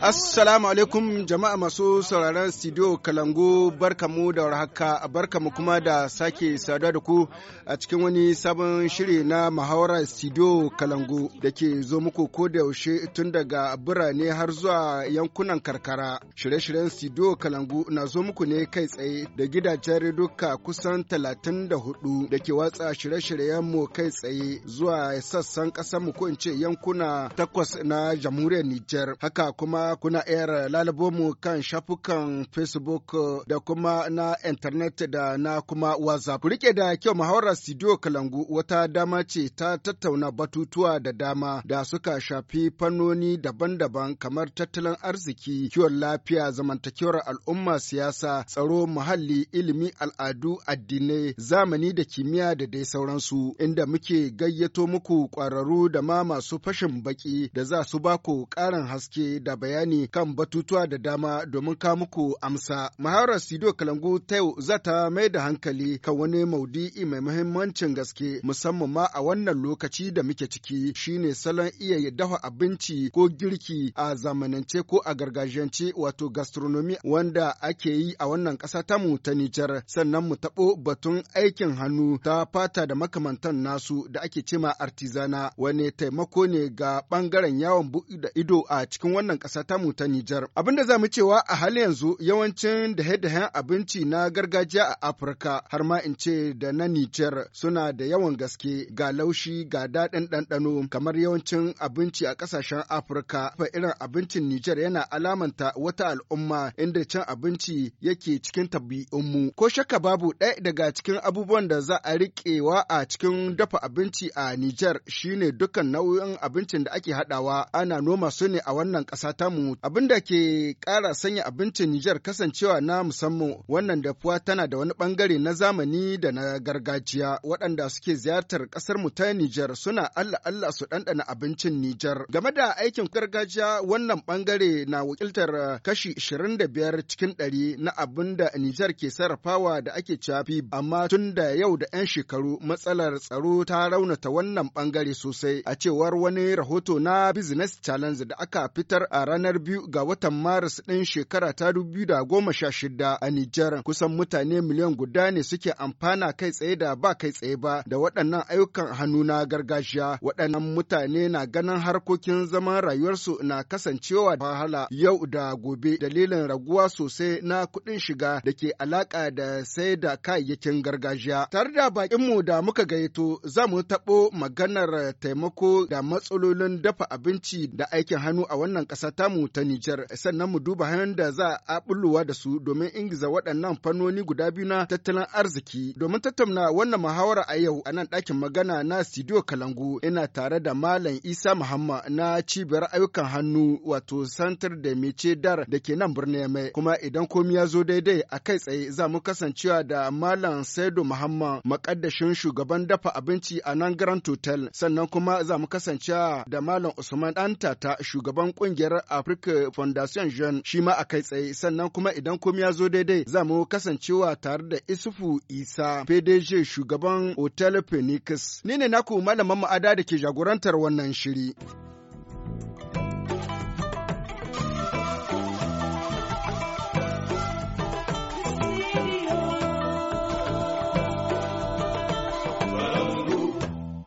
Assalamu alaikum jama'a masu sauraron studio Kalangu barkamu da warhaka barkamu kuma da sake saduwa da ku a cikin wani sabon shiri na mahawara studio Kalangu da ke zo muku ko da yaushe tun daga birane har zuwa yankunan karkara. Shirye-shiryen studio Kalangu na zo muku ne kai tsaye da gidajen reduka kusan 34 da ke watsa shirye-shiryen mu kai tsaye zuwa sassan ƙasar mu ko in ce yankuna takwas na jamhuriyar Nijar. Haka kuma kuna iya lalabo mu kan shafukan Facebook eh, da kuma na internet da na kuma WhatsApp. Rike da kyau muhawarar studio Kalangu wata dama ce ta tattauna batutuwa da dama da suka shafi fannoni daban-daban kamar tattalin arziki, kiwon lafiya, zamantakewar al'umma, siyasa, tsaro, muhalli, ilimi, al'adu, addinai, zamani da kimiyya da dai sauransu, inda muke gayyato muku kwararru da ma masu fashin baki da za su baku ƙarin haske da bayani bayani kan batutuwa da dama domin ka muku amsa. Maharar Sido Kalangu ta yau za ta mai da hankali kan wani maudi'i mai muhimmancin gaske musamman ma a wannan lokaci da muke ciki shine salon iya dafa abinci ko girki a zamanance ko a gargajiyance wato gastronomi. wanda ake yi a wannan ƙasa tamu ta Nijar sannan mu taɓo batun aikin hannu ta fata da makamantan nasu da ake cema artizana wani taimako ne ga ɓangaren yawon buɗe ido a cikin wannan ƙasa tamu ta Nijar. Abin da za mu cewa a halin yanzu yawancin dahe-dahen abinci na gargajiya a Afirka har ma in ce da na Nijar suna da yawan gaske ga laushi ga daɗin ɗanɗano kamar yawancin abinci a ƙasashen Afirka. Fa irin abincin Nijar yana alamanta wata al'umma inda cin abinci yake cikin tabi'unmu. Ko shakka babu ɗaya daga cikin abubuwan da za a riƙewa a cikin dafa abinci a Nijar shine dukkan nau'in abincin da ake haɗawa ana noma su ne a wannan ƙasa tamu Abin abinda ke kara sanya abincin Nijar kasancewa na musamman wannan dafuwa tana da wani bangare na zamani da na gargajiya waɗanda suke ziyartar ƙasar mu ta Nijar suna Allah Allah su ɗanɗana abincin Nijar. Game da aikin gargajiya wannan bangare na wakiltar eh, kashi 25 cikin 100 na abin da Nijar ke sarrafawa da ake cafi amma tun da yau da 'yan shekaru matsalar tsaro ta raunata wannan bangare sosai a cewar wani rahoto na Business Challenge da aka fitar a ranar ranar biyu ga watan Maris ɗin shekara ta dubu da goma sha shida a Nijar. Kusan mutane miliyan guda ne suke amfana kai tsaye da ba kai tsaye ba da waɗannan ayyukan hannu na gargajiya. Waɗannan mutane na ganin harkokin zaman rayuwarsu na kasancewa da wahala yau da gobe dalilin raguwa sosai na kuɗin shiga da ke alaƙa da sai da kayayyakin gargajiya. Tare da baƙinmu da muka gayyato za mu taɓo maganar taimako da matsalolin dafa abinci da aikin hannu a wannan ƙasa ta tamu ta Nijar sannan mu duba hanyar da za a bulluwa da su domin ingiza waɗannan fannoni guda biyu na tattalin arziki. Domin tattauna wannan muhawara a yau a nan ɗakin magana na Studio Kalangu ina tare da Malam Isa Muhammad na cibiyar ayyukan hannu wato Santar da Mece Dar da ke nan birnin mai kuma idan komi ya zo daidai a kai tsaye za mu kasancewa da Malam Saido Muhammad makaddashin shugaban dafa abinci a nan Grand Hotel sannan kuma za mu kasancewa da Malam Usman Dantata shugaban kungiyar Africa Foundation Jeune shi ma a kai tsaye sannan kuma idan komai ya zo daidai za mu kasancewa tare da Isufu Isa PDG shugaban Hotel Phoenix. Ni ne na naku malaman ma'ada da ke jagorantar wannan shiri.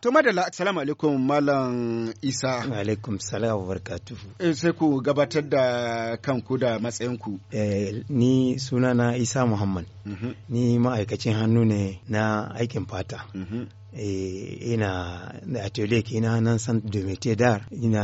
To madalla assalamu alaikum malam Isa. Alaikum salam wa barakatuhu. Eh, sai ku gabatar da kanku da matsayinku. Eh, ni sunana Isa Muhammad. Mm-hmm. Ni ma'aikacin hannu ne na aikin fata. Mm -hmm. ina da atelier na nan san da. ina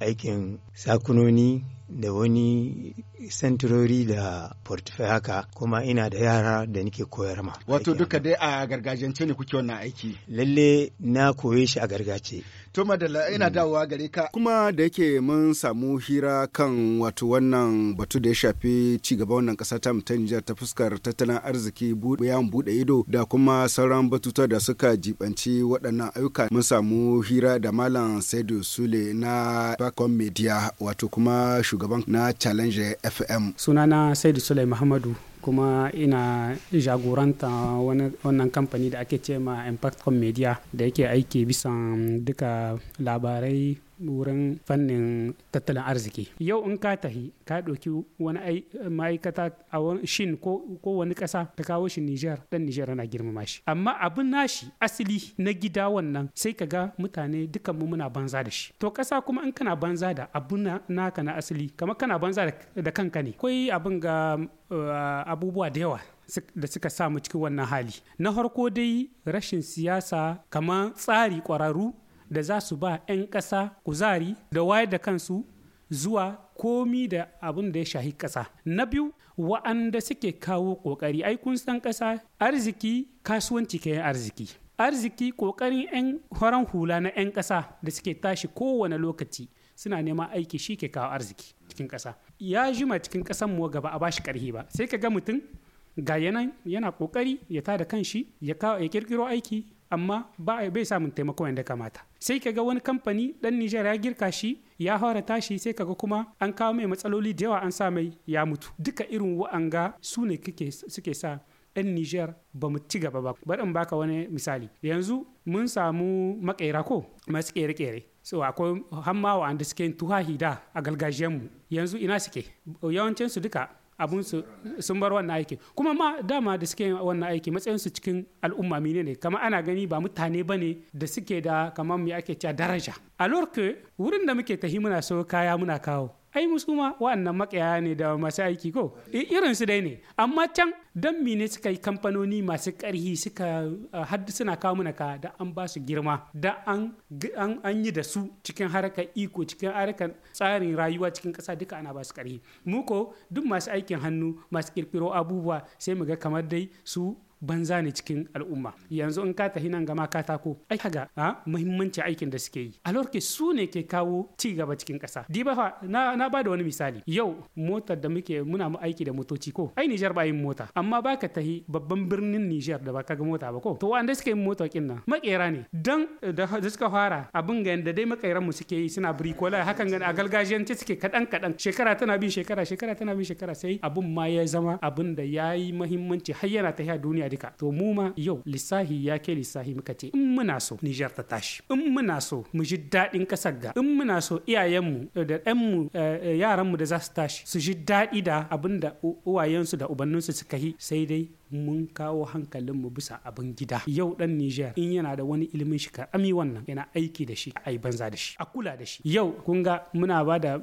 aikin sakunoni da wani sentirori da portfolio haka kuma ina da yara da nike koyar ma. Wato duka dai a gargajiyance ne kuke wannan aiki? Lalle na koye shi a gargace To madalla ina mm. dawowa gare ka. Kuma da yake mun samu hira kan wato wannan batu da ya shafi ci gaba wannan kasa ta ta Nijar ta fuskar tattalin arziki yawon bude ido da kuma sauran batuta da suka jibanci waɗannan ayyuka mun samu hira da Malam Saidu Sule na Bakon Media wato kuma shugaban na Challenge FM. Sunana Saidu Sule Muhammadu. kuma ina jagoranta wannan kamfani da ake ce ma impact media da yake aiki bisan duka labarai wurin fannin tattalin arziki yau in ka tahi ka ɗauki wani ma'aikata a shin ko wani ƙasa ka kawo shi nijar ɗan nijar ana girmama shi amma abin nashi asali na gida wannan sai ka ga mutane dukan mu muna banza da shi to ƙasa kuma in kana banza da abun naka na asali kamar kana banza da kanka ne akwai abin ga eh, abubuwa da yawa da suka samu cikin wannan hali na farko dai rashin siyasa kamar tsari kwararru. da za su ba 'yan ƙasa kuzari da wayar da kansu zuwa komi da abin da ya shahi ƙasa. Na biyu, wa'anda suke kawo ƙoƙari aikun san ƙasa arziki kasuwanci kayan arziki. Arziki ƙoƙarin 'yan horon hula na 'yan ƙasa da suke tashi kowane lokaci suna neman aiki shi ke kawo arziki cikin ƙasa. Ya jima cikin ƙasan mu gaba a bashi ƙarhi ba. Sai ka ga mutum ga yana yana ƙoƙari ya tada kanshi ya kawo ya ƙirƙiro aiki amma ba bai samun taimako yadda kamata sai kaga wani kamfani dan Nijar ya girka shi ya fara tashi sai kaga kuma an kawo mai matsaloli da yawa an sa mai ya mutu duka irin wa'anga su ne suke sa dan Nijar ba mu ci gaba ba bari in baka wani misali yanzu mun samu maƙera ko masu kere-kere so akwai hamma da suke tuhahi da a mu yanzu ina suke yawancinsu duka abun su sun bar wannan aiki kuma ma dama da suke wannan aiki matsayin su cikin al'umma mine ne kaman ana gani ba mutane ba ne da suke da kamar me ake cewa daraja a wurin da muke tahi muna so kaya muna kawo ai musu ma wa'annan makaya ne da masu aiki ko irin su dai ne amma can mi ne suka yi kamfanoni masu karhi suka haddu suna kawo mana ka da an ba su girma da an an yi da su cikin harkar iko cikin harkar tsarin rayuwa cikin ƙasa duka ana ba su karhi mu ko duk masu aikin hannu masu kirkiro abubuwa sai mu ga kamar dai su banza ne cikin al'umma yanzu in ka tafi nan gama katako ai kaga a muhimmanci aikin da suke yi alorke su ne ke kawo ci gaba cikin ƙasa diba fa na, na ba da wani misali yau motar da muke muna mu aiki da motoci ko ai Nijar ba yin mota amma baka tahi babban birnin Nijar da baka ga mota ba ko to wanda suke yin mota kin nan makera ne dan da, suka fara abin ga yanda dai makairan mu suke yi suna brikola hakan ga a gargajiyance suke kadan kadan shekara tana bin shekara shekara tana bin shekara sai abun ma ya zama abin da yayi muhimmanci har yana tafiya duniya duniya duka to mu ma yau lissahi ya ke lissahi muka ce in muna so Nijar ta tashi in muna so mu ji daɗin ƙasar ga in muna so iyayenmu da ɗanmu eh, eh, yaranmu da za su tashi su ji daɗi da abin da uwayensu da ubanninsu suka yi sai dai mun kawo hankalinmu bisa abin gida yau dan Niger in yana da wani ilimin shi ami wannan yana aiki da shi ai banza da shi a kula da shi yau kun ga muna ba da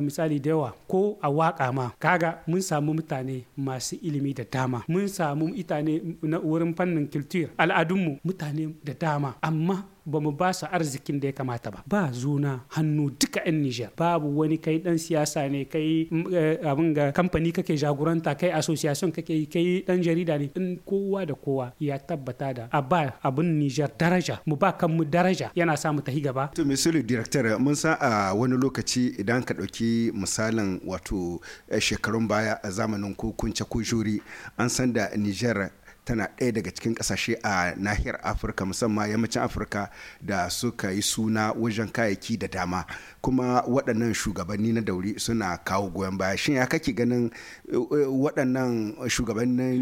misali da yawa ko a waka ma kaga mun samu mutane masu ilimi da dama mun samu itane na wurin fannin culture al'adunmu mutane da dama amma ba mu ba su arzikin da ya kamata ba ba zuna hannu duka 'yan Nijar babu wani kai dan siyasa ne kai mm, eh, abin ga kamfani kake jagoranta kai association kake kai dan jarida ne in kowa da kowa ya tabbata da a ba abin Nijar daraja mu ba kanmu daraja yana sa mu tahi gaba to misali director mun san a wani lokaci idan ka ɗauki misalin wato eh, shekarun baya a zamanin ko kunce ko juri an san da Nijar tana ɗaya daga cikin ƙasashe a nahiyar afirka musamman yammacin afirka da suka yi suna wajen kayayyaki da dama kuma waɗannan shugabanni na dauri suna kawo goyon baya shin ya kake ganin eh, waɗannan shugabanni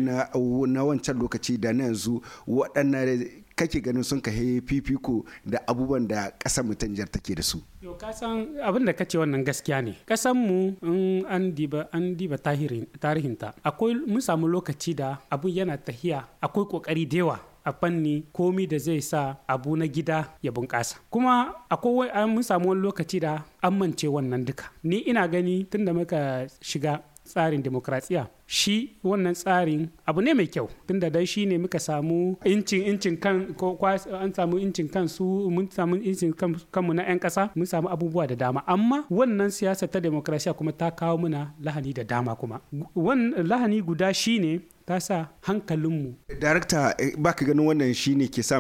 na wancan lokaci da na yanzu waɗannan kake ganin sun ka fifiko da abubuwan da ƙasar mu ta Nijar take da su yau ka san abin da kace wannan gaskiya ne ƙasar mu in an diba an diba tarihin ta akwai mun samu lokaci da abu yana tahiya akwai kokari da yawa a fanni komi da zai sa abu na gida ya bunƙasa kuma akwai mun samu wani lokaci da an mance wannan duka ni ina gani tunda muka shiga tsarin demokratsiya shi wannan tsarin abu ne mai kyau tunda dai shi ne muka samu incin incin kan ko an samu incin kan su mun samu incin kanmu na 'yan kasa. mun samu abubuwa da dama amma wannan siyasa ta demokrasiya kuma ta kawo muna lahani da dama kuma wannan lahani guda shi ne ta sa hankalinmu. Darakta eh, ba ka ganin wannan shi ne ke sa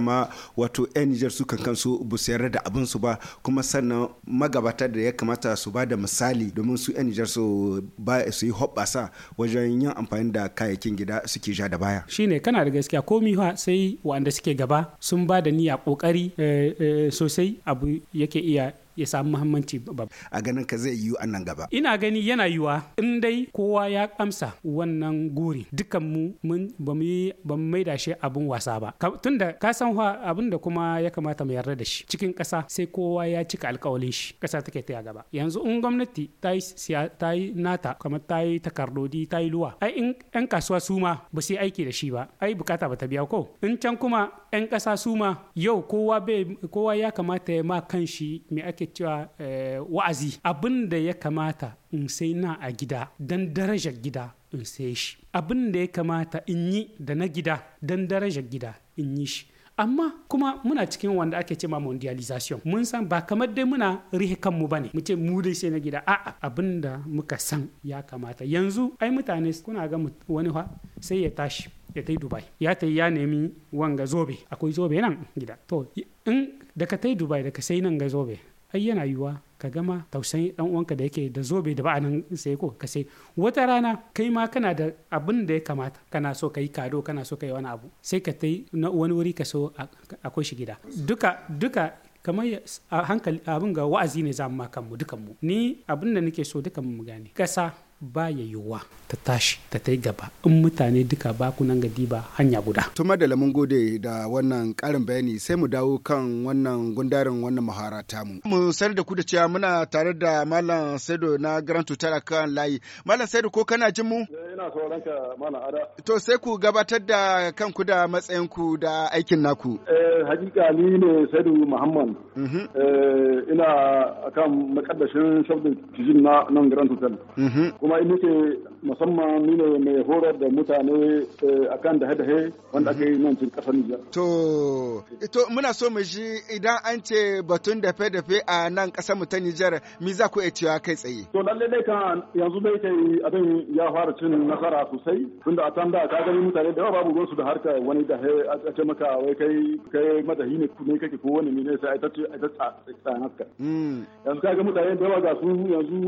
wato 'yan Nijar su kan kansu ba su yarda da abin su ba kuma sannan magabata da ya kamata su ba da misali domin su 'yan Nijar su su yi hoɓɓasa wajen domin yin amfani da kayayyakin gida suke ja da baya ne kana da gaskiya komi ha sai waɗanda suke gaba sun ba da niyya ƙoƙari eh, eh, sosai abu yake iya ya samu muhimmanci ba. A ganin ka zai yiwu nan gaba. Ina gani yana yiwa in dai kowa ya amsa wannan guri dukan mu mun ba mu yi ba mu maida shi abin wasa ba. Tunda ka san fa abin da kuma ya kamata mu yarda da shi cikin ƙasa sai kowa ya cika alƙawalin shi ƙasa take ta gaba. Yanzu in gwamnati ta yi ta yi nata kamar ta yi takardodi ta yi luwa. Ai in 'yan kasuwa su ma ba su yi aiki da shi ba. Ai bukata ba ta biya ko. In can kuma 'yan ƙasa su ma yau kowa kowa ya kamata ya ma kan shi me ake cewa eh, wa'azi abin da ya kamata in sai na a gida don darajar gida in sai shi abin da ya kamata in yi da na gida don darajar gida in yi shi amma kuma muna cikin wanda ake ce ma mondialization mun san ba kamar dai muna rihe kanmu ne. mu ce mu dai sai na gida a'a abin da muka san ya kamata yanzu ai mutane kuna ga wani fa sai ya tashi ya tai dubai ya tai ya nemi wanga zobe akwai zobe nan gida to in da tai dubai da sai nan ga zobe ai yana yiwuwa ka gama tausayin dan uwanka da yake da zobe da ba'anin sai ko ka sai wata rana kai ma kana da abin da ya kamata kana so ka yi kado kana so ka yi wani abu sai ka tai na wani wuri ka so akwai shi gida duka duka kamar a hankali abin ga wa'azi ne za mu ma kanmu dukanmu ni abin da nake so dukanmu mu gane kasa ba ya yiwuwa ta tashi ta ta gaba in mutane duka bakunan gadi ba hanya guda. Tuma da lamun gode da wannan karin bayani sai mu dawo kan wannan gundarin wannan mahara mu. Mu sanar da ku da cewa muna tare da Malam Saido na Grand Tutar kan layi. Malam Saido ko kana jin mu? Eh, ina sauran ka Malam Ada. To sai ku gabatar da kanku da matsayin ku da aikin naku. Eh hakika ni ne Saido Muhammad. Mm-hmm. Eh ina kan makaddashin shabdin kijin na nan Grand Tutar. kuma in nace musamman nuna mai horar da mutane eh, kan da hadahe wanda aka yi nan cikin kasar Nijar. To, ito muna so mu ji idan an ce batun da dafe a nan kasar mu ta Nijar, mi za ku iya cewa kai tsaye? To, lalle dai kan yanzu dai kai abin ya fara cin nasara sosai, tunda a can da ka gani mutane da yawa babu ruwansu da harka wani da a ce maka wai kai kai madahi ne ne kake ko wani ne sai ai ta ai ta tsanaka. Hmm. Yanzu ka ga mutane da yawa ga su yanzu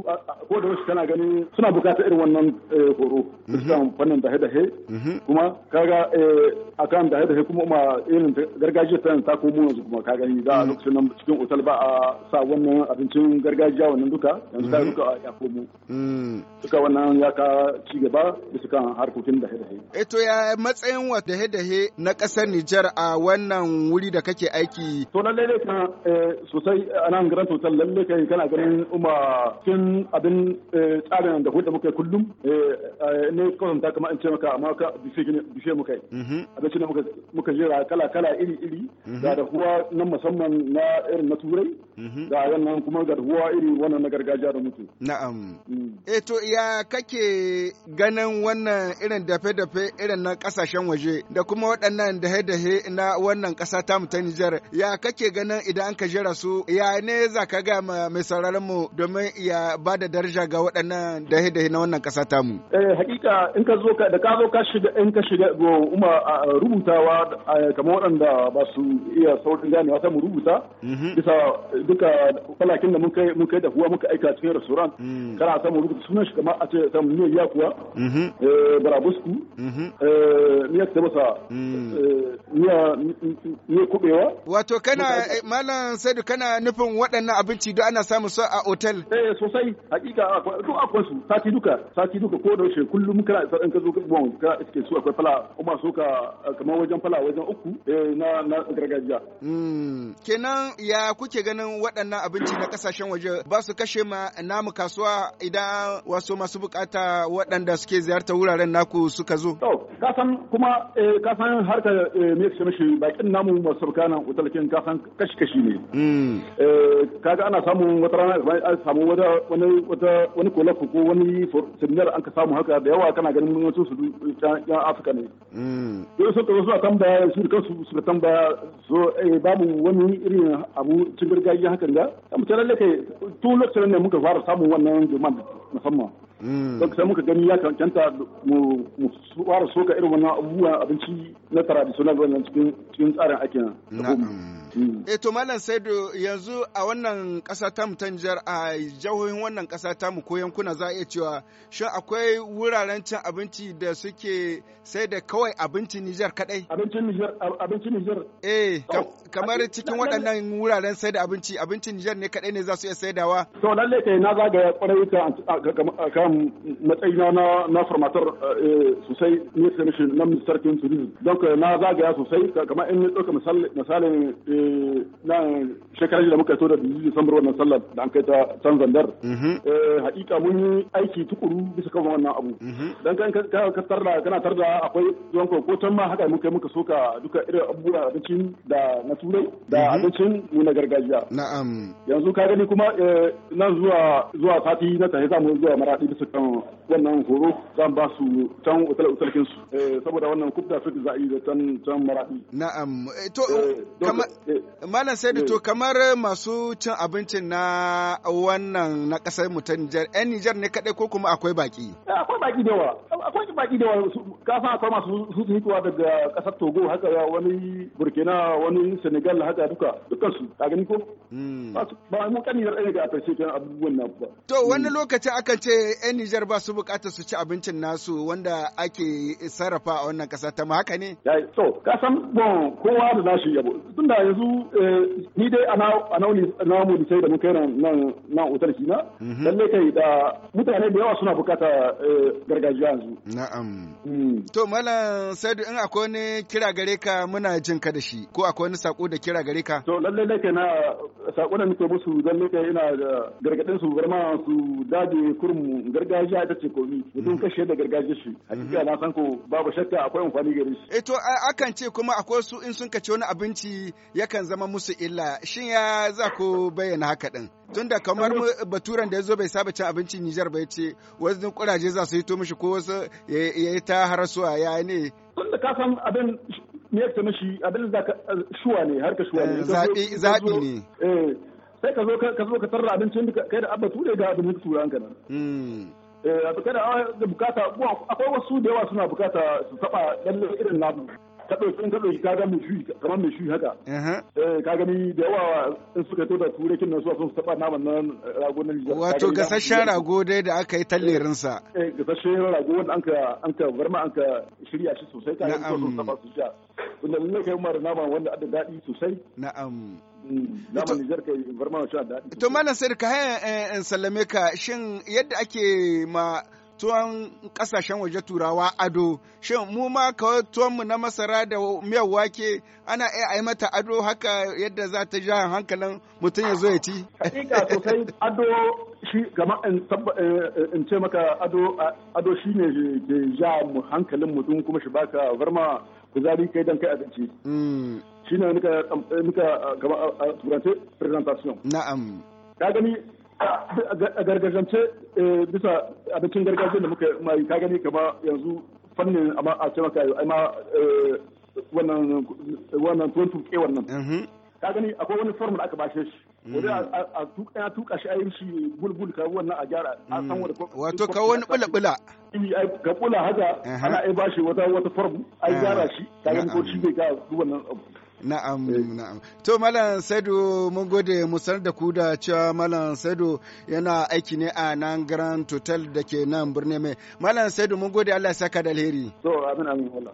ko da wasu kana gani suna bukatar irin wannan Eh, horo kan mhm. fannin da dahe mhm. kuma kaga eh, a kan dahe dahe kuma ma irin gargajiya ta ta komo yanzu kuma ka gani da mhm. lokacin nan cikin otal ba a sa wannan abincin gargajiya wannan duka yanzu ta duka ya komo mm. duka wannan ya ka ci gaba su kan harkokin dahe dahe eh, eto to ya matsayin wa dahe dahe na ƙasar Nijar a wannan wuri da kake aiki to lalle ne kan sosai a nan garin otal lalle kai kana ganin umma tun abin tsarin da hudu muka kullum Eh, ne kwanan ta kama in ce maka amma ka bishe mu kai mhm. abinci ne muka jira kala kala iri iri mhm. ga da huwa na musamman na irin na turai mhm. ga nan kuma ga huwa iri wannan na gargajiya da mutu na'am mm. eh to ya kake ganin wannan irin dafe dafe irin na kasashen waje da kuma waɗannan dahe dahe na wannan ƙasa ta mutan Nijar ya kake ganin idan an ka jira su ya ne za ka ga mai sauraron mu domin ya ba da daraja ga waɗannan dahe dahe na wannan ƙasa ta samu eh, hakika in ka zo da ka zo ka shiga in ka shiga umar rubutawa kamar waɗanda ba su iya saurin gani wata mu rubuta mhm. bisa duka falakin da muka muka da huwa muka aika cikin restaurant mm. kana ta mu rubuta sunan shi kamar a ce ta mu mhm. eh, mhm. eh, ya kuwa barabusku mm. eh ta basa miya miya kubewa wato kana malam Saidu kana nufin waɗannan abinci duk ana samu su a otel eh sosai hakika duk akwai su sati duka sati duka suka ko da yaushe kullum kana isar in ka zo bon ka iske su akwai fala kuma su ka kamar wajen fala wajen uku eh, na na gargajiya hmm, kenan ya kuke ganin waɗannan abinci na kasashen waje ba su kashe ma namu kasuwa idan wasu masu bukata waɗanda suke ziyartar wuraren naku suka zo to ka san kuma eh, ka san harka eh, me su shi bakin namu masu bukana utalkin ka san kashi kashi ne hmm. kaga ana samun wata rana a samu wata wani wata wani kolafu ko wani seminar an ka samu haka da yawa kana ganin mun yanzu su yan afirka ne yau mm. sun kazo suna tambaya su da kansu suka tambaya so eh, babu wani irin abu cin gargajiya hakan ga amma ta lalle kai tun lokacin ne muka fara samun wannan demand musamman mm. don sai muka gani ya cancanta mu fara soka irin wannan abubuwa abinci na traditional wannan cikin cikin tsarin ake na Eh to Malam Saidu yanzu a wannan ƙasa ta Tanjar a jihohin wannan ƙasa ta mu ko yankuna za a iya cewa shin akwai wuraren cin abinci da suke sai da kawai abincin Nijar kadai? Abincin Nijar abincin Nijar. Eh kamar cikin waɗannan wuraren sai da abinci abincin Nijar ne kadai ne za su iya saidawa. To lalle kai na zagaya kwarai ta kan matsayina na na formator eh, sosai ne na minister kin tourism. Donc na zagaya sosai kamar in ɗauka misalin eh, shekarar da muka so da samar wannan sallar da an kai ta can zandar mhm. eh, hakika mun yi aiki tukuru bisa kan wannan abu mhm. dan kan ka tarda kana tarda akwai zuwan ko can ma haka muka muka soka duka irin abubuwa cin da na turai da mhm. abincin mu na gargajiya na'am yanzu ka gani kuma eh, nan zuwa zuwa sati na tafi za mu zuwa maradi bisa kan wannan horo zan ba su can otal otalkin eh, saboda wannan kubda fit za a yi da can can na'am to Malam sai da to eh. kamar masu cin abincin na wannan na kasar mu ta Nijar, ‘yan Nijar ne kaɗai ko kuma akwai baki? Eh, akwai baki da yawa, akwai baki da yawa, kasan akwai masu su hitowa daga ƙasar Togo haka wani Burkina wani Senegal haka duka dukkan su ka gani ko? Hmm. Ba mu kan Nijar ɗaya ga a ƙarshe kan abubuwan na ba. To hmm. wani lokaci aka ce ƴan Nijar ba su buƙatar su ci abincin nasu wanda ake sarrafa a wannan ƙasa ta ma haka ne? To kasan bon kowa da nashi yabo tunda yanzu yanzu eh, ni dai a namu da sai da muka nan na otar mhm. na lalle kai da mutane da yawa suna bukata eh, gargajiya yanzu na'am mm. to malam saidu in akwai wani kira gare ka muna jin ka da shi ko akwai wani sako da kira gare ka to lalle ne na sako da nake musu lalle kai ina da gargadin su garma su daji kurum gargajiya ta ce komi mhm. mutum kashe da gargajiya shi mhm. hakika na san ko babu shakka akwai amfani gare shi eh to akan ce kuma akwai su in sun kace wani abinci ya yakan zama musu illa shin ya za ku bayyana haka din tunda kamar baturan da ya zo bai saba cin abincin Nijar bai ce wasu kuraje za su yi to mishi ko wasu ya yi ta harasuwa ya ne tunda ka san abin me yake mishi abin da shuwa ne harka shuwa ne zabi eh, zabi ne eh sai ka zo ka zo ka tarra abincin kai da abba ture ga abin da tura ka nan hmm. eh kada bukata akwai wasu da yawa suna bukata su taba lalle irin namu ka ɗauki in ka ɗauki ka ga mai shuyi kamar mai shuyi haka eh, ka gani da yawa in suka to da turai kin nan su sun taɓa naman nan rago nan wato gasashen rago dai da aka yi tallerin eh, sa eh gasasshen rago wanda an ka an ka bar ma an ka shirya shi sosai ka ga sun taɓa su sha wanda mun kai mara nama wanda da daɗi sosai na'am mm, To malam sai ka haya eh, sallame ka shin yadda ake ma tuwon kasashen waje turawa ado shin mu ma kawai tuwonmu na masara da miyar wake ana iya ai mata ado haka yadda za ta ja hankalin mutum ya zo ya ci hakika sosai ado shi gama in eh, eh, ce maka ado shi ne ke ja hankalin mutum kuma shi baka varma kuzari kai dan kai abinci hmm. shi ne nika eh, gama turance presentation na'am ka gani a gargajance eh, bisa abincin gargajiyar da muka mai ka gani ba yanzu fannin ma a ce maka yi ma eh, wannan wannan tuwon tuke wannan mhm. ka gani akwai wani formula aka bashe shi mm. wani a tuka ya tuka shi a yi shi bulbul ka wannan a gyara a san mm. wani wato ka wani bula bula ka bula haka ana ai bashi wata wata form ai gyara shi ka gani ko shi bai ga wannan Na'am, eh. na'am. To, Malam Saidu, mun gode mu da ku da cewa Malam Saidu yana aiki ne a nan Grand total da ke nan birni mai. Malam Saidu, mun gode Allah saka da alheri. To, amin amin Allah.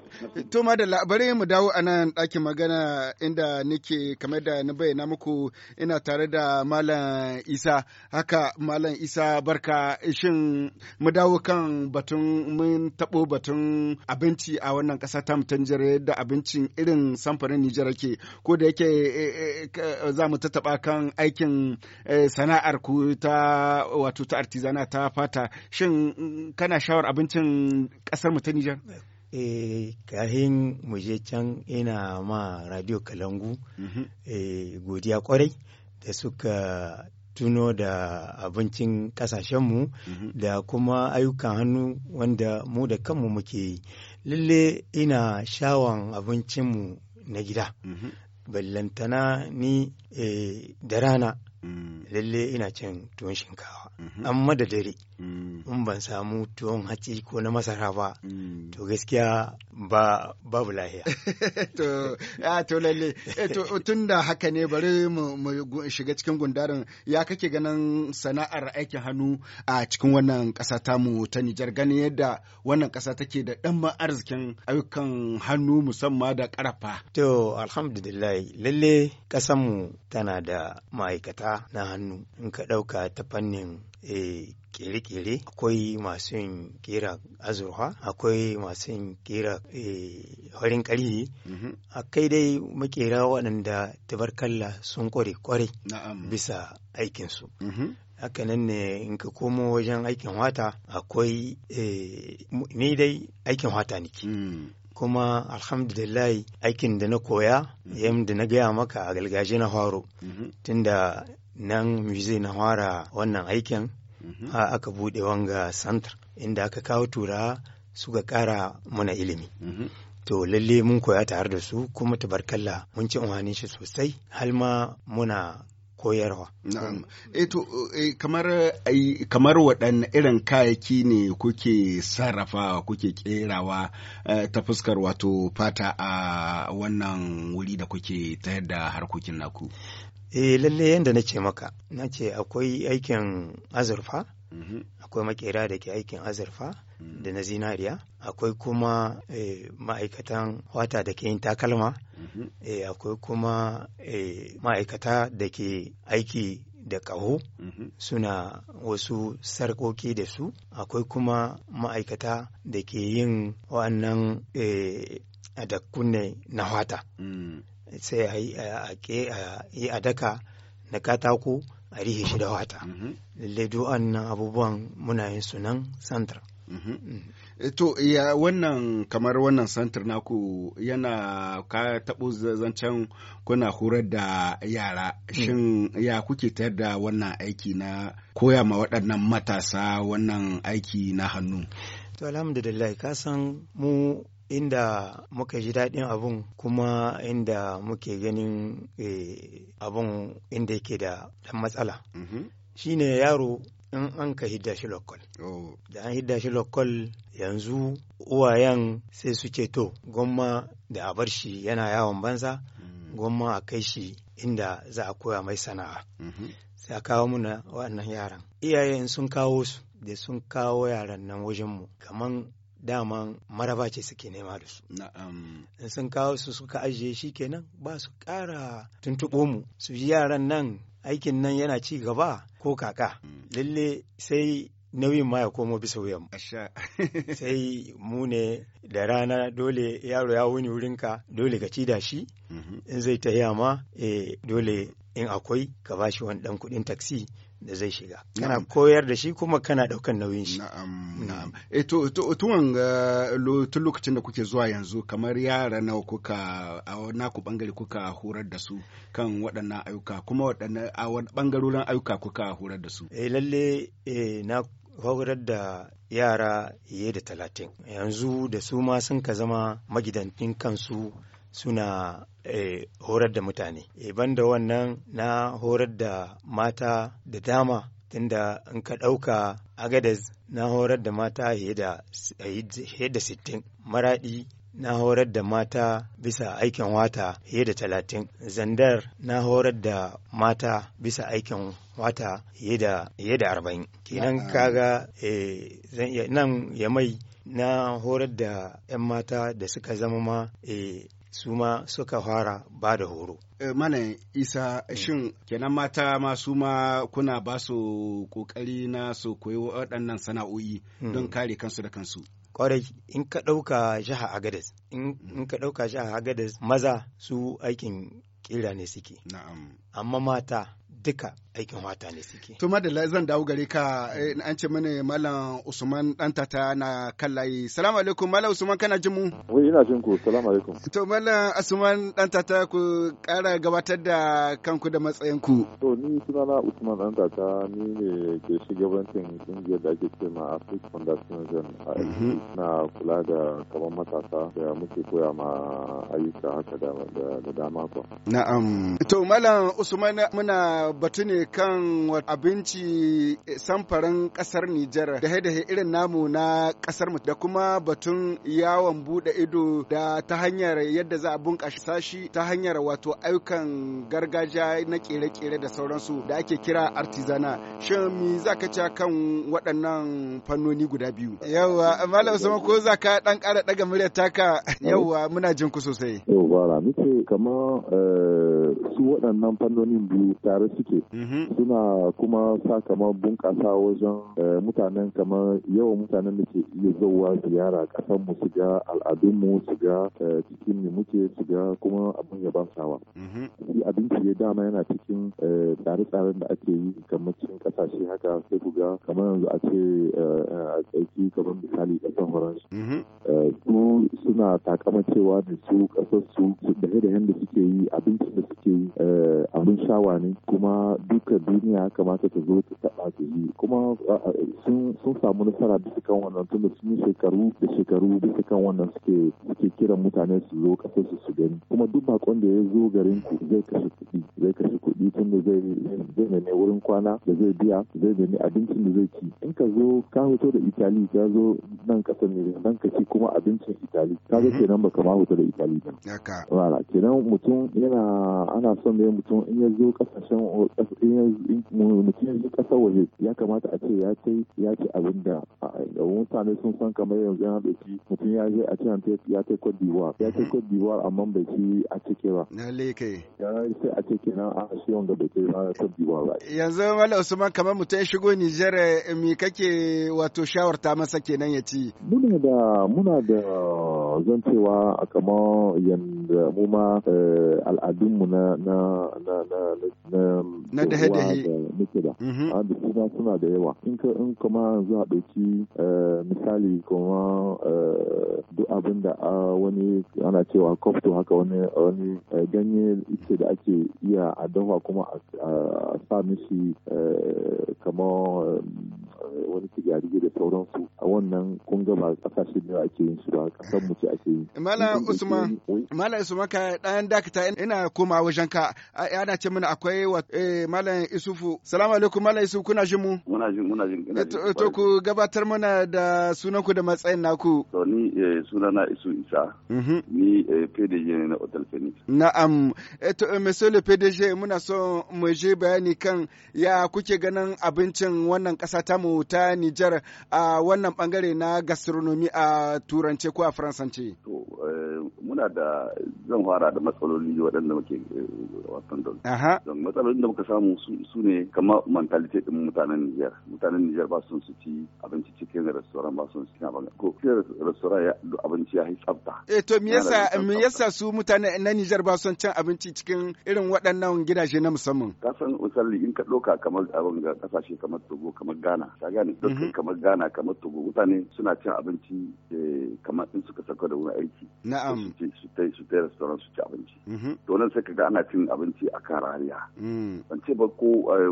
To, madalla, bari mu dawo a nan ɗakin magana inda nake kamar da na bayyana muku ina tare da Malam Isa. Haka, Malam Isa, barka shin mu dawo kan batun mun taɓo batun abinci a wannan ƙasa ta mutan da abincin irin samfurin Nijar yake ko da yake eh, eh, za mu tattaba kan aikin eh, sana'ar ku ta wato ta artizana ta fata shin mm, kana shawar abincin kasar mu ta Nijar? eh kahin mu can ina ma radio kalangu mm-hmm. eh godiya kwarai da suka tuno da abincin kasashenmu mm-hmm. da kuma ayyukan hannu wanda mu da kanmu muke yi lalle ina shawan abincinmu na gida mhm. ballantana ni eh, da rana Mm. lalle ina cin tuwon shinkawa mm-hmm. amma da dare mm. in ban samu tuwon hatsi ko na masara ba mm. to gaskiya ba babu lahiya to to lalle eh, to da haka ne bari mu shiga cikin gundarin ya kake ganin sana'ar aikin hannu a cikin wannan ƙasa mu ta Nijar ganin yadda wannan ƙasa take da ɗan arzikin ayyukan hannu musamman da ƙarafa to alhamdulillah lalle mu tana da ma'aikata na hannu in ka ɗauka ta fannin kere-kere eh, akwai masu yin kera azurfa akwai masu yin kera eh, ƙarfi mm-hmm. a kai dai makera waɗanda tabarkalla sun kware-kware bisa aikinsu mm-hmm. hakanan ne in ka komo wajen aikin wata akwai eh, ne dai aikin wata niki mm. kuma alhamdulillah aikin da na koya mm-hmm. da na gaya maka a galgaje na haro tunda nan muse na fara wannan aikin mhm. a aka bude wanga santar inda aka kawo tura suka kara muna ilimi mhm. to lalle mun koya tare da su kuma tabarkalla mun ci umarnin shi sosai har muna koyarwa. Eto eh eh, kamar kamar waɗanne irin kayaki ne kuke sarrafa kuke kerawa eh, ta fuskar wato fata a wannan wuri da kuke tayar da harkokin naku. eh lalle yanda na maka na ce akwai aikin azurfa mm-hmm. akwai makera da ke aikin azurfa mm. da na zinariya akwai kuma eh, ma'aikatan wata da ke yin takalma mm-hmm. eh, akwai kuma eh, ma'aikata da ke aiki da ƙaho mm-hmm. suna wasu sarƙoƙi da su akwai kuma ma'aikata da ke yin wa'annan a da kunne na wata mm. sai a yi a daka na katako a rihe shi da wata mm-hmm. lallai du'an abubuwan muna yin sunan santar mm-hmm. mm. eh, to ya wannan kamar wannan santar naku yana ka tabo zancen kuna horar da yara mm. shin ya kuke tayar da wannan aiki na koya ma waɗannan matasa wannan aiki na hannu to alhamdulillah ka san mu inda muka ji daɗin abun kuma inda muke ganin eh, abun inda yake da ɗan matsala Shi mm-hmm. ne shine yaro in an ka hidda shi lokal oh. da an hidda shi lokal yanzu uwayen sai su ce to gwamma da a bar shi yana yawon banza mm. gwamma a kai shi inda za a koya mai sana'a mm-hmm. sai a kawo muna waɗannan yaran iyayen sun kawo su da sun kawo yaran nan wajenmu kaman daman maraba ce suke nema da su. In sun kawo su suka ajiye shi kenan ba su ƙara tuntuɓo mu su ji yaran nan aikin nan yana ci gaba ko kaka. Lalle sai nauyin ma ya komo bisa wuyan mu. sai mu ne da rana dole yaro ya wuni wurinka dole ka ci da shi mhm. in zai ta ma eh, dole in akwai ka bashi wani ɗan kuɗin taksi da zai shiga kana koyar da shi kuma kana daukan nauyin shi na'am mm. na'am eh to tun lokacin da kuke zuwa yanzu kamar yara nawa kuka a naku bangare kuka horar da su kan waɗannan ayyuka kuma waɗannan a bangarorin ayyuka kuka horar da su eh lalle eh na horar da yara iye da talatin yanzu da su ma sun ka zama magidantin kansu suna Eh, horar da mutane eh, ban da wannan na horar da mata da dama tunda in ka ɗauka agadas na horar da mata eh, fiye da sittin maraɗi na horar da mata bisa aikin wata fiye da talatin zandar na horar da mata bisa aikin wata fiye da arba'in kenan kaga nan ya mai na horar da 'yan mata da suka zama ma su ma suka fara ba da horo. Eh, mana Isa mm. shin kenan mata ma su ma kuna ba su kokari na su koyi waɗannan sana'o'i mm. don kare kansu da kansu. kwarai in ka ɗauka jiha agadez in ka ɗauka jiha agadez maza su aikin kira ne suke amma mata duka aikin wata ne suke. To madalla zan dawo gare ka eh, an ce mana malam Usman dan tata na kallaye. Salamu alaikum malam Usman kana jin mu? Wai ina jin ku. Salamu alaikum. To malam Usman dan tata ku kara gabatar da kanku da matsayin ku. To ni sunana Usman dan tata ni ne ke shugabancin kungiyar da ake cewa Africa Foundation Zone a mhm. na kula da kaman matasa da muke koya ma ayyuka haka da dama ko. Na'am. To malam Usman muna batu ne kan abinci eh, samfarin kasar Nijar da dahe irin namu na kasar mu da kuma batun yawon bude ido da ta hanyar yadda za a bunƙasa sashi ta hanyar wato aikan gargajiya na kere-kere da sauransu da ake kira artizana shin mi za ka ci kan waɗannan fannoni guda biyu yawa malam sama ko za ka ɗan ƙara ɗaga muryar taka yawa muna jin ku sosai yawa kamar eh, su waɗannan fannonin biyu tare suke mhm. Mhm. suna kuma sa kamar bunƙasa wajen eh, mutanen kamar yawan mutanen da ke iya zauwa ziyara ƙasar mu su ga al'adun mu su ga eh, cikin mu muke su ga kuma abin ya ban sawa mhm. shi abinci ya dama yana cikin eh, tsare-tsaren da ake yi kamar cikin ƙasashe haka sai ku ga kamar yanzu a ce tsarki kamar misali ƙasar faransa mhm. eh, su suna takama cewa da su kasar su daga da yadda suke yi abinci da suke yi eh, abin shawa ne kuma duka duniya kamata ta zo ta taɓa ta yi kuma sun samu nasara bisa kan wannan tunda sun yi shekaru da shekaru bisa kan wannan suke kiran mutane su zo kasar su su gani kuma duk bakon da ya zo garin ku zai kashe kuɗi zai kashe kuɗi tunda zai zai nemi wurin kwana da zai biya zai nemi abincin da zai ci in ka zo ka hoto da itali ta zo nan kasar ne nan kashi kuma abincin itali ta zo mhm. kenan baka ma huta da itali ba wala kenan mutum yana ana son ne mutum in ya zo kasashen mutum ya zo kasar waje ya kamata a ce ya ce ya ce abin da a mutane sun san kamar yanzu yana dauki mutum ya je a ce ya ce Cote d'Ivoire ya ce mhm. Cote d'Ivoire amma bai ci a cike ba na leke ya sai a ce kenan a shi wanda bai kai Cote d'Ivoire ba yanzu Malam Usman kamar mutum ya shigo Nijar eh, me kake wato shawarta masa kenan ya ci. Muna da muna da zan cewa a kama yanda mu ma eh, al'adunmu na na na na na na da hadahi muke da mhm. ah, da kuma suna da yawa in ka in kuma za a ɗauki eh, misali kuma eh, duk abin da ah, wani ana cewa kofto haka wani wani ganye ice da ake iya a dafa kuma a sa mishi kamar Eh, wani sigari da sauransu a wannan kunga ba kasashe da ake yin shi ba kasan mu ce ake yi mala usman mala usman ka dan dakata ina koma wajen ka ana ce mana akwai eh, mala isufu salamu alaikum mala isufu kuna jin mu muna jin muna jin eh, to ku gabatar mana da sunan ku da matsayin naku to ni sunana isu isa mhm. ni pdg ne na hotel phoenix na'am to monsieur le pdg muna so mu je bayani kan ya kuke ganin abincin wannan kasa ta tamu ta Nijar a wannan bangare na gastronomy a turance ko a faransance? To, eh, muna da zan fara da matsaloli waɗanda muke eh, wasan da don matsalolin da muka samu su ne kama mentality ɗin mutanen Nijar. Mutanen Nijar ba su ci abinci cikin restaurant ba su ci bangare. Ko cikin restaurant ya abinci ya yi tsafta. Eh to me yasa me yasa su mutane na Nijar ba son cin abinci cikin irin waɗannan gidaje na musamman? Ka san misali in ka ɗauka kamar abin ga ƙasashe kamar Togo kamar Ghana ka gane duk mhm. kamar gana kamar Togo mutane suna cin abinci eh, kamar in suka saka da wurin aiki na'am su tai su tai restaurant su ci abinci mhm. to nan sai ka ga ana cin abinci a kan rariya mm. ban ce ba ko eh,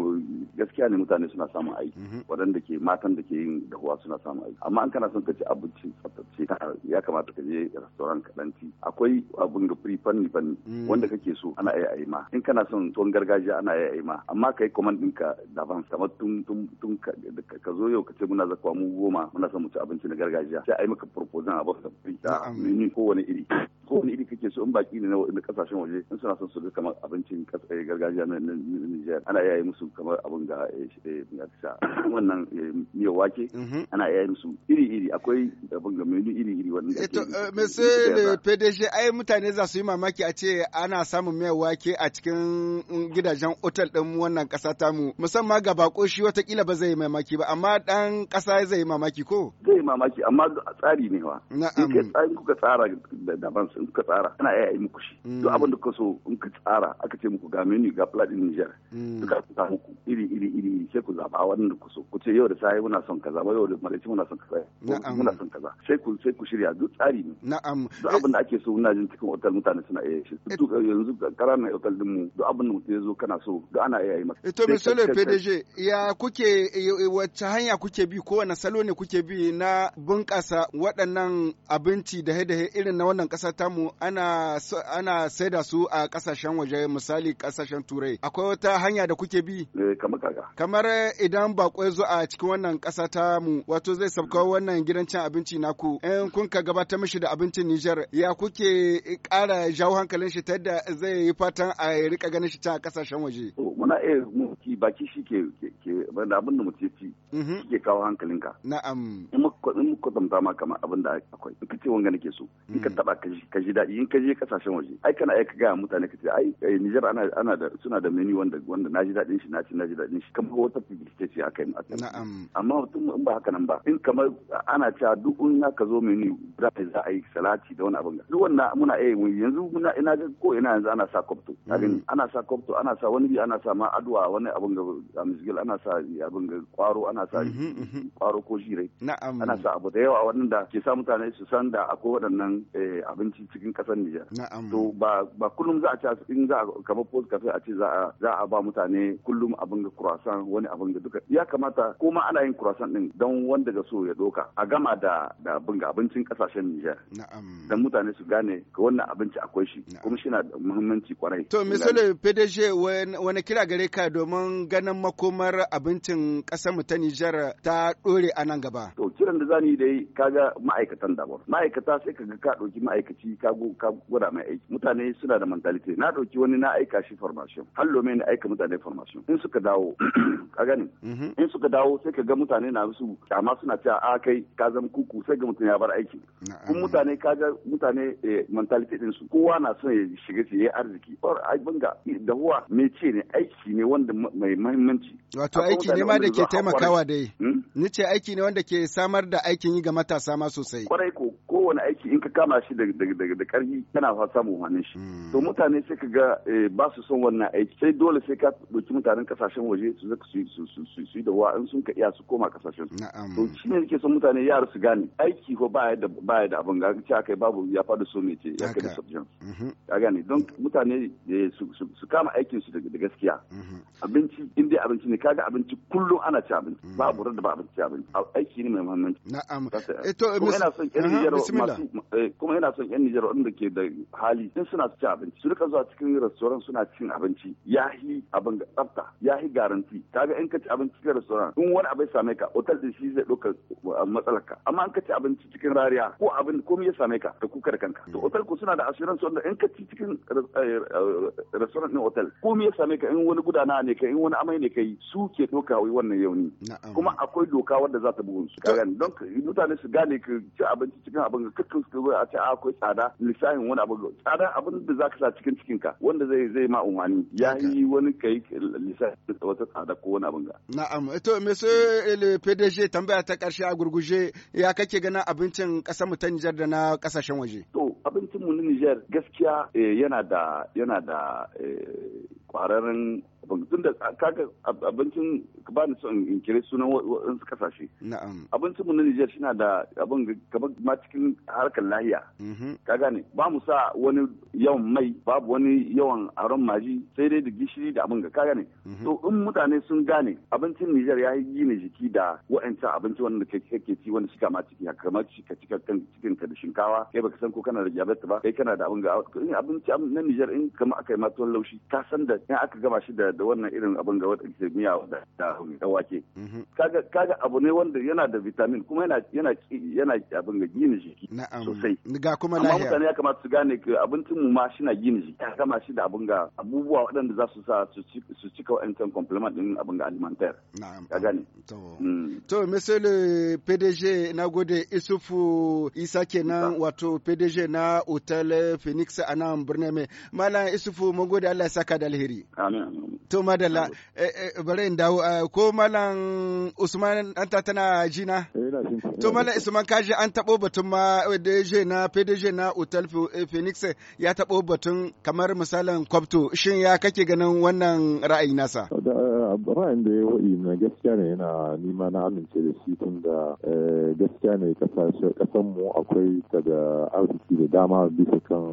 gaskiya ne mutane suna samun aiki mhm. waɗanda ke matan da ke yin dahuwa suna samun aiki amma an kana son ka ci abinci tsaftace ya kamata ka je restaurant kaɗan ci akwai abin da free fanni fanni mm. wanda kake so ana iya yi ma in kana son tuwon gargajiya ana iya yi ma amma kai command ɗinka daban kamar tun tun tun ka zo yau ka ce muna zakwa mu goma muna son mu ci abinci na gargajiya sai yi maka proposal a baka da mini kowane iri kowane iri kake so in baki ne na kasashen waje in suna son su ga kamar abincin eh, gargajiya na Nijar ana iya yi musu kamar abin ga eh, eh, wannan miyar wake mm-hmm. ana iya yi musu iri iri akwai abin ga mini iri iri wannan me se le PDG ai mutane za su yi mamaki a ce ana samun miyar wake a cikin mm, gidajen otal din wannan kasa tamu musamman ga bako shi watakila ba zai yi mamaki ba ba amma dan ƙasa zai mamaki ko zai mamaki amma tsari ne wa na'am in tsari kuka tsara da daban in kuka tsara ana iya yi muku shi to mm. abin da kaso in ka tsara aka ce muku ga menu ga plan din Niger mm. duka ku ta muku iri iri iri sai ku zaba wannan da kaso ku ce yau da sai muna son kaza ba yau da malaci muna son kaza na'am muna son kaza sai ku sai ku shirya duk tsari ne na'am duk abin da ake so muna jin cikin hotel mutane suna iya shi eh. duk eh, yanzu karamin hotel din mu duk abin da mutum ya zo kana so duk ana iya yi maka eh, to le PDG ya kuke wacce hanya kuke bi ko wani salo ne kuke bi na bunƙasa waɗannan abinci da dahe irin na wannan ƙasa tamu ana ana saida su a ƙasashen waje misali ƙasashen turai akwai wata hanya da kuke bi eh, kamar idan kamar idan bakwai zo a cikin wannan ƙasa tamu wato zai sabka wannan gidan cin abinci naku in kun ka gabatar mishi da abincin Nijar ya kuke ƙara jawo hankalin shi ta yadda zai yi fatan a rika ganin shi can a ƙasashen waje muna iya mu baki shi ke ke abin da mutum ci suke mm-hmm. kawo hankalinka na'am in muka muka tamta ma kamar abin da akwai In kace wanga nake so in ka mm. taba ka ji daɗi in ka je kasashen waje ai kana aika ga mutane ka ce ai eh, Niger ana ana da suna da menu wanda wanda na ji dadin shi na ci na ji dadin shi kamar wata publicity ce aka yi na'am amma mutum in ba haka nan ba in kamar ana cewa duk in ka zo menu za a yi salati da wani abin duk wannan muna iya yanzu muna ina ga ko ina yanzu ana sa kwabto mm. ana sa kwabto ana sa wani bi ana sa ma adwa wani abin ga ana sa abin ga kwaro ana na sa ƙwaro mm-hmm, mm-hmm. ko jirai ana sa abu da yawa wannan da ke sa mutane su san da akwai waɗannan eh, abinci cikin ƙasar Nijar to ba ba kullum za a ci in za a kamar post cafe a ce za a ba mutane kullum abin ga kurasan wani abin ga duka ya kamata ko ma ana yin kurasan din don wanda ga so ya doka a gama da da abin ga abincin ƙasashen Nijar dan mutane su gane ka wannan abinci akwai shi kuma shi na da muhimmanci kwarai to misali PDG wani kira gare ka domin ganin makomar abincin ƙasar mu ta Nijar Nijar ta ɗore a nan gaba? To kiran da zani da kaga ma'aikatan da ma'aikata sai kaga ka ɗauki ma'aikaci ka gwada mai aiki mutane suna da mentality na ɗauki wani na aika shi formation hallo mai na aika mutane formation in suka dawo ka gani mhm. in suka dawo sai kaga mutane na su amma suna cewa a kai ka zama kuku sai ga mutum ya bar aiki kun mutane kaga mutane eh, mentality din su kowa na son ya shiga ya yi arziki or ai ga da huwa ce ne aiki ne wanda mai muhimmanci wato aiki ne ma da ke taimakawa dai hmm? ni ce aiki ne wanda ke samar samar da aikin yi ga matasa ma sosai. Kwarai ko kowane aiki in ka kama shi da karfi kana fa samun wani shi. Hmm. To mutane sai ka ga eh, ba su son wannan aiki sai dole sai ka ɗauki mutanen kasashen waje su zaka su su da wa in sun ka iya su koma kasashen. To shi ne nake son mutane yara su gane aiki ko ba da ba da abin ga ce akai babu ya fada so ne ce ya kai subjan. Mm-hmm. Ka gane don mutane eh, su kama aikin su da gaskiya. Mm-hmm. Abinci in dai abinci ne kaga abinci kullum ana ci abinci mm. babu da ba abinci abinci aiki ne mai muhimmanci. Na'am. Eto eh, kuma ina son yan Nijar eh, kuma ina son yan Nijar wanda ke da hali in suna cin abinci su duka zuwa cikin restaurant suna cin abinci yahi abin ga tsafta yahi garanti kaga in ka ci abinci cikin restaurant in wani abai same ka otal din shi zai ɗauka ah, matsalar ka amma in ka ci abinci cikin rariya ko abin komai ya same ka da kukar kanka to otal ku suna da assurance wanda in ka ci cikin eh, restaurant din otal komai ya same ka in wani gudana ne ka in wani amai ne ka yi su ke ɗauka wai wannan yauni kuma akwai doka wadda za ta bugun su kaga don mutane su gane ka ci abinci cikin abin ka kakkan su a ce ah, akwai tsada lissafin wani abu tsada abin da za ka sa cikin cikin ka wanda zai zai ma umarni ya yi wani kai lissafin wata tsada ko wani abin ga. Na'am to me su PDG tambaya ta karshe a gurguje ya kake gana abincin ƙasar mu ta Nijar da na kasashen waje. To abincin mu na Nijar gaskiya eh, yana da yana da kwararren eh, tunda kaga abincin ba ni son in kire sunan wasu kasashe na'am abincin mu na Niger shi na da abin gaba ma cikin harkar lahiya mm-hmm. ka gane ba mu sa wani yawan mai babu wani yawan aron maji sai dai da gishiri da abin ka gane mm-hmm. to in mutane sun gane abincin Niger ya yi gina jiki da wa'ancan abinci wanda kake ci wanda suka ma ciki haka kamar ka cika kan cikin ka da shinkawa kai baka san ko kana da diabetes ba kai kana da abin ga abinci na Niger in kamar akai ma tuwon laushi ka san da in aka gama shi da da wannan irin abin ga wata ke da da wake mhm. kaga kaga abu ne wanda yana da vitamin kuma yana yana yana abin ga gina jiki sosai ga kuma lahiya amma mutane ya kamata su gane ke abincin mu ma shi na gina jiki ya kama shi da abin ga abubuwa waɗanda za su sa su cika wa'ancan complement din abin ga alimentaire ka gane to mm. to monsieur le PDG nagode Isufu Isa kenan wato PDG na Hotel Phoenix a nan birnin mai Malam Isufu mun gode Allah ya saka da alheri amin to madalla eh, eh, bari in dawo eh, ko malam usman ta tana jina to malam usman kaji an tabo batun ma na PDG na hotel Phoenix ya tabo batun kamar misalin kwabto shin ya kake ganin wannan ra'ayi nasa ra'ayin da ya wa'i na gaskiya ne yana nima na amince da shi tun da gaskiya ne kasan mu akwai daga arziki da dama bisa kan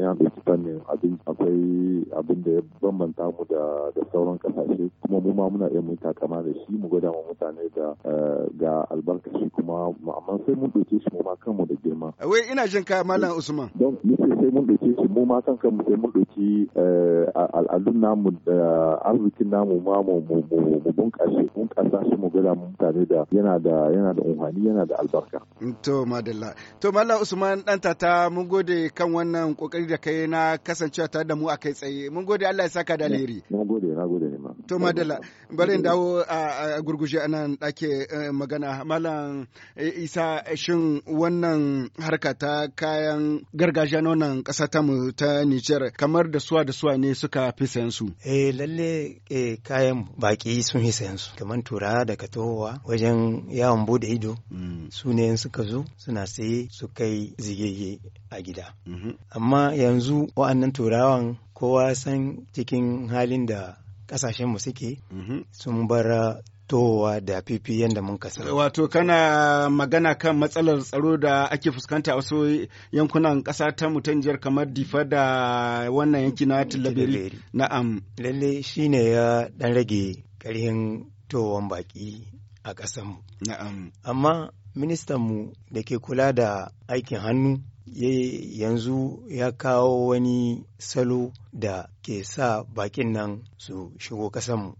yan fannin abin akwai abin da ya bambanta mu da da sauran kasashe kuma mu ma muna iya mun takama da shi mu gwada wa mutane da eh, ga albarkashi kuma amma sai mun ɗauke shi mu ma kanmu da girma. Wai ina jin ka Malam Usman. Don ni sai mun ɗauke shi mu ma kan kanmu sai mun ɗauki eh, al'adun namu da arzikin namu ma mu bunƙasa bunƙasa shi mu gwada mutane da yana da yana da umhani yana da albarka. To madalla. To Malam Usman dan tata mun gode kan wannan kokari da kai na kasancewa tare da mu a kai tsaye. Mun gode Allah ya saka da alheri. Mun gode. gode na gode ne ma to madalla bari in dawo a gurguje anan dake eh, magana malam eh, isa eh, shin wannan harka ta kayan gargajiya na wannan ƙasa ta mu ta Nijar kamar da suwa da suwa ne suka fi sayan su eh lalle kayan baki sun fi sayan su kamar tura da katowa wajen yawon bude ido mm. su ne suka zo suna saye su kai zigege a gida mm-hmm. amma yanzu wa'annan turawan kowa san cikin halin da kasashenmu suke mm-hmm. sun bara towa da fifi yadda mun kasa. Wato kana magana kan matsalar tsaro da ake fuskanta wasu yankunan ƙasa ta mutan kamar difa da wannan yanki na na Na'am. Lalle shi ne ya ɗan rage ƙarhin towan baƙi a ƙasanmu. Na'am. Amma ministanmu da ke kula da aikin hannu yanzu ya kawo wani salo da ke sa bakin nan su shigo ƙasanmu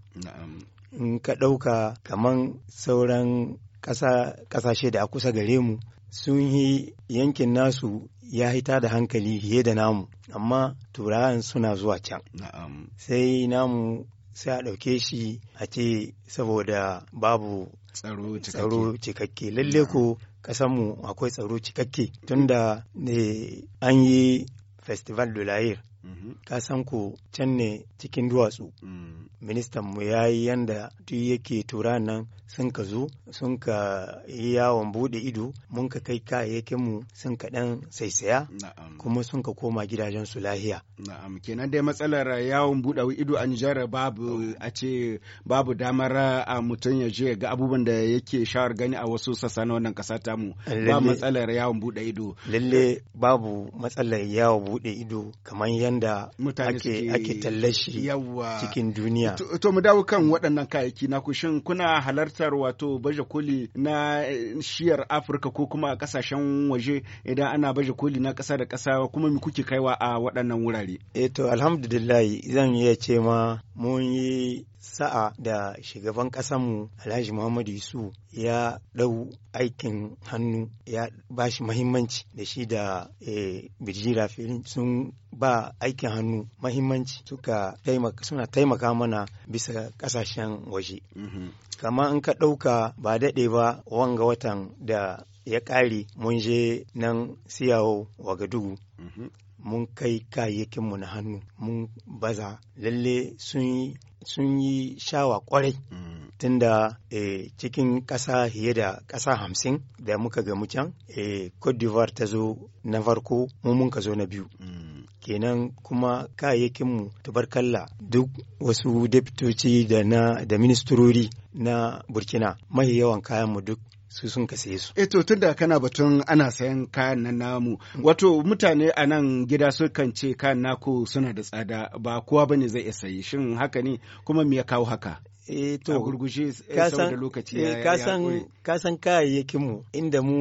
In ka ɗauka kaman sauran ƙasashe da a kusa gare mu sun yi yankin nasu ya hita da hankali fiye da namu, amma turawan suna zuwa can. Sai namu sai a ɗauke shi a ce saboda babu tsaro cikakke lalle ko ƙasarmu akwai tsaro cikakke tunda eh, an yi festival de lair Mm-hmm. ka san ko can ne cikin duwatsu mm. ministan mu ya yi yanda duk yake tura nan sun ka zo sun ka yi yawon bude ido mun ka kai kayayyakin mu sun ka dan saisaya kuma sun ka koma gidajen su lahiya na'am kenan dai matsalar yawon bude ido a Nijar babu a ce babu damar a mutum ya je ga abubuwan da yake shawar gani a wasu sassa na wannan kasa mu ba matsalar yawon bude ido lalle babu matsalar yawon bude ido kamar yanda wanda ake, ake tallashi cikin duniya. To, mu dawo kan waɗannan kayayyaki na ku kushin kuna halartar wato baje koli na eh, shiyar Afirka ko kuma ƙasashen waje idan ana baje koli na ƙasa da ƙasa kuma mi kuke kaiwa a waɗannan wurare. Eh to alhamdulillah zan iya ce ma mun yi sa'a da shugaban ƙasanmu Alhaji Muhammadu Yusuf ya ɗau aikin hannu ya ba shi mahimmanci da shi da e, eh, Birjira sun ba aikin hannu mahimmanci suka suna taimaka mana bisa ƙasashen waje. Mm-hmm. Kama in ka ɗauka ba daɗe ba wanga watan da ya ƙare mun je nan siyawo wa Mm mm-hmm. mun kai kayayyakinmu na hannu mun baza lalle sun yi sun yi shawa kwarai tunda eh, cikin ƙasa fiye da ƙasa hamsin da muka gamu can eh, cote d'ivoire ta zo na farko mu mun ka zo na biyu kenan kuma kayayyakinmu tubarkalla duk wasu deputoci da na da ministrori na burkina mahi yawan kayanmu duk su sun ka su. Eto eh, tun da kana batun ana sayan kayan nan namu wato mutane a nan gida sukan ce kayan naku suna da tsada ba kowa bane zai iya sayi shin haka ne kuma me ya kawo haka? eh to gurgushe eh, saboda lokaci ya eh, ka san kayayyakin mu inda mu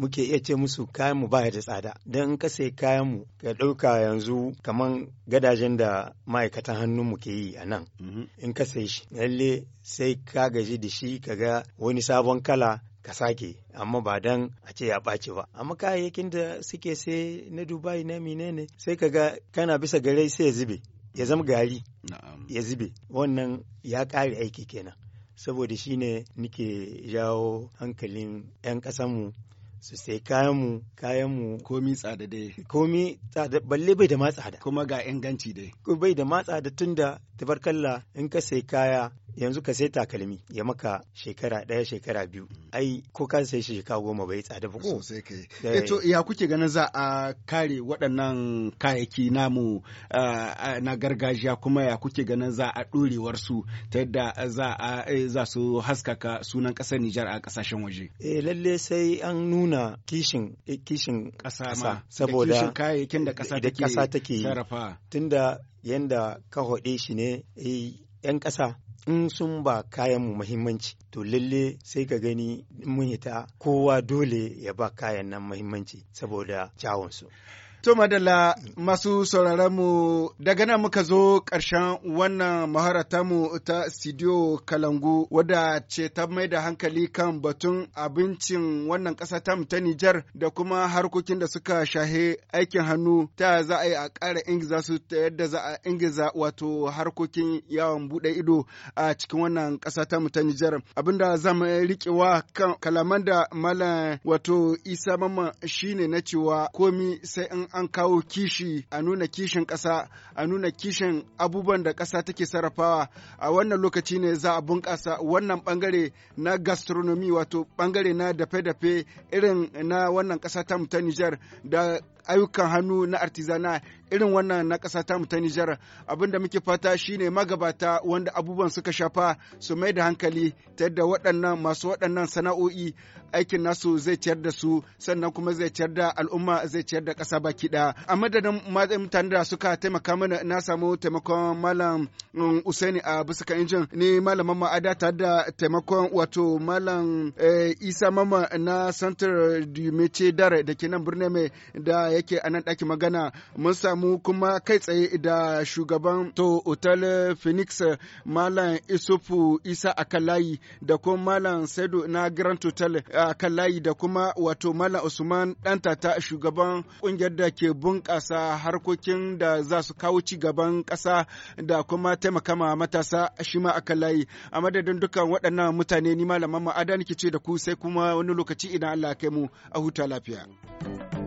muke iya ce musu kayan mu baya da tsada dan in ka sai kayan mu ka dauka yanzu kaman gadajen da ma'aikatan hannun mu ke yi a nan mm-hmm. in ka sai shi lalle sai ka gaji da shi kaga wani sabon kala ka sake amma ba dan a ce ya ɓaci ba amma kayayyakin da suke sai na dubai na ne sai ka ga kana bisa gare sai ya zube ya zama gari ya zube wannan ya ƙare aiki kenan saboda shine nike jawo hankalin 'yan ƙasanmu su sai kayanmu kayanmu komi tsada dai komi tsada balle bai da ma tsada kuma ga inganci dai bai da ma tsada tunda tabarkalla in ka sai kaya yanzu ka sai takalmi ya maka shekara ɗaya shekara biyu mm. ai ko ka sai shi shekara goma bai tsada ba ko sai kai eh. eh, to ya kuke ganin za a kare waɗannan kayayyaki namu na gargajiya kuma ya kuke ganin za a ɗorewar su ta yadda za a eh, za su haskaka sunan ƙasar Nijar a ƙasashen waje eh lalle sai an nuna kishin kishin ƙasa ma saboda kishin kayayyakin da ƙasa take sarrafa tunda yanda ka hode shi ne 'yan ƙasa in sun ba kayan mu muhimmanci to lalle sai ka gani mun ta kowa dole ya ba kayan nan muhimmanci saboda kyawunsu. To madalla masu mu daga nan muka zo ƙarshen wannan mu ta studio Kalangu wadda ce ta mai da hankali kan batun abincin wannan ƙasa tamu ta Nijar da kuma harkokin da suka shahe aikin hannu ta za a yi a ƙara ingiza su ta yadda za a ingiza wato harkokin yawon buɗe ido a cikin wannan ƙasa tamu ta Nijar. Abinda za mu riƙewa kan kalaman da malam wato Isa Mamman shine na cewa komi sai in an kawo kishi a nuna kishin ƙasa a nuna kishin abubuwan da ƙasa take sarrafawa a wannan lokaci ne za a bunƙasa wannan ɓangare na gastronomy wato ɓangare na dafe-dafe irin na wannan ƙasa ta ta Nijar da ayyukan hannu na artizana irin wannan na ƙasa ta ta Nijar abinda muke fata shine magabata wanda abubuwan suka shafa su mai da hankali ta yadda waɗannan masu waɗannan sana'o'i aikin nasu zai ciyar da su sannan kuma zai ciyar da al'umma zai ciyar da ƙasa baki ɗaya a madadin mutane da suka taimaka mana na samu taimakon malam um, Usaini a bisa injin ni malaman ma'ada tare da taimakon wato malam eh, Isa Mama na Santar Dumece Dare da ke nan birnin mai da yake a nan ɗaki magana mun samu kuma kai tsaye da shugaban to otal phoenix malam isufu isa akalayi da kuma malam saidu na grand hotel akalayi da kuma wato malam usman tata shugaban ƙungiyar da ke bunƙasa harkokin da za su kawo ci gaban ƙasa da kuma taimakama matasa shi ma akalayi a madadin dukkan waɗannan mutane ni malaman ma'ada nake ce da ku sai kuma wani lokaci idan Allah kai mu a huta lafiya.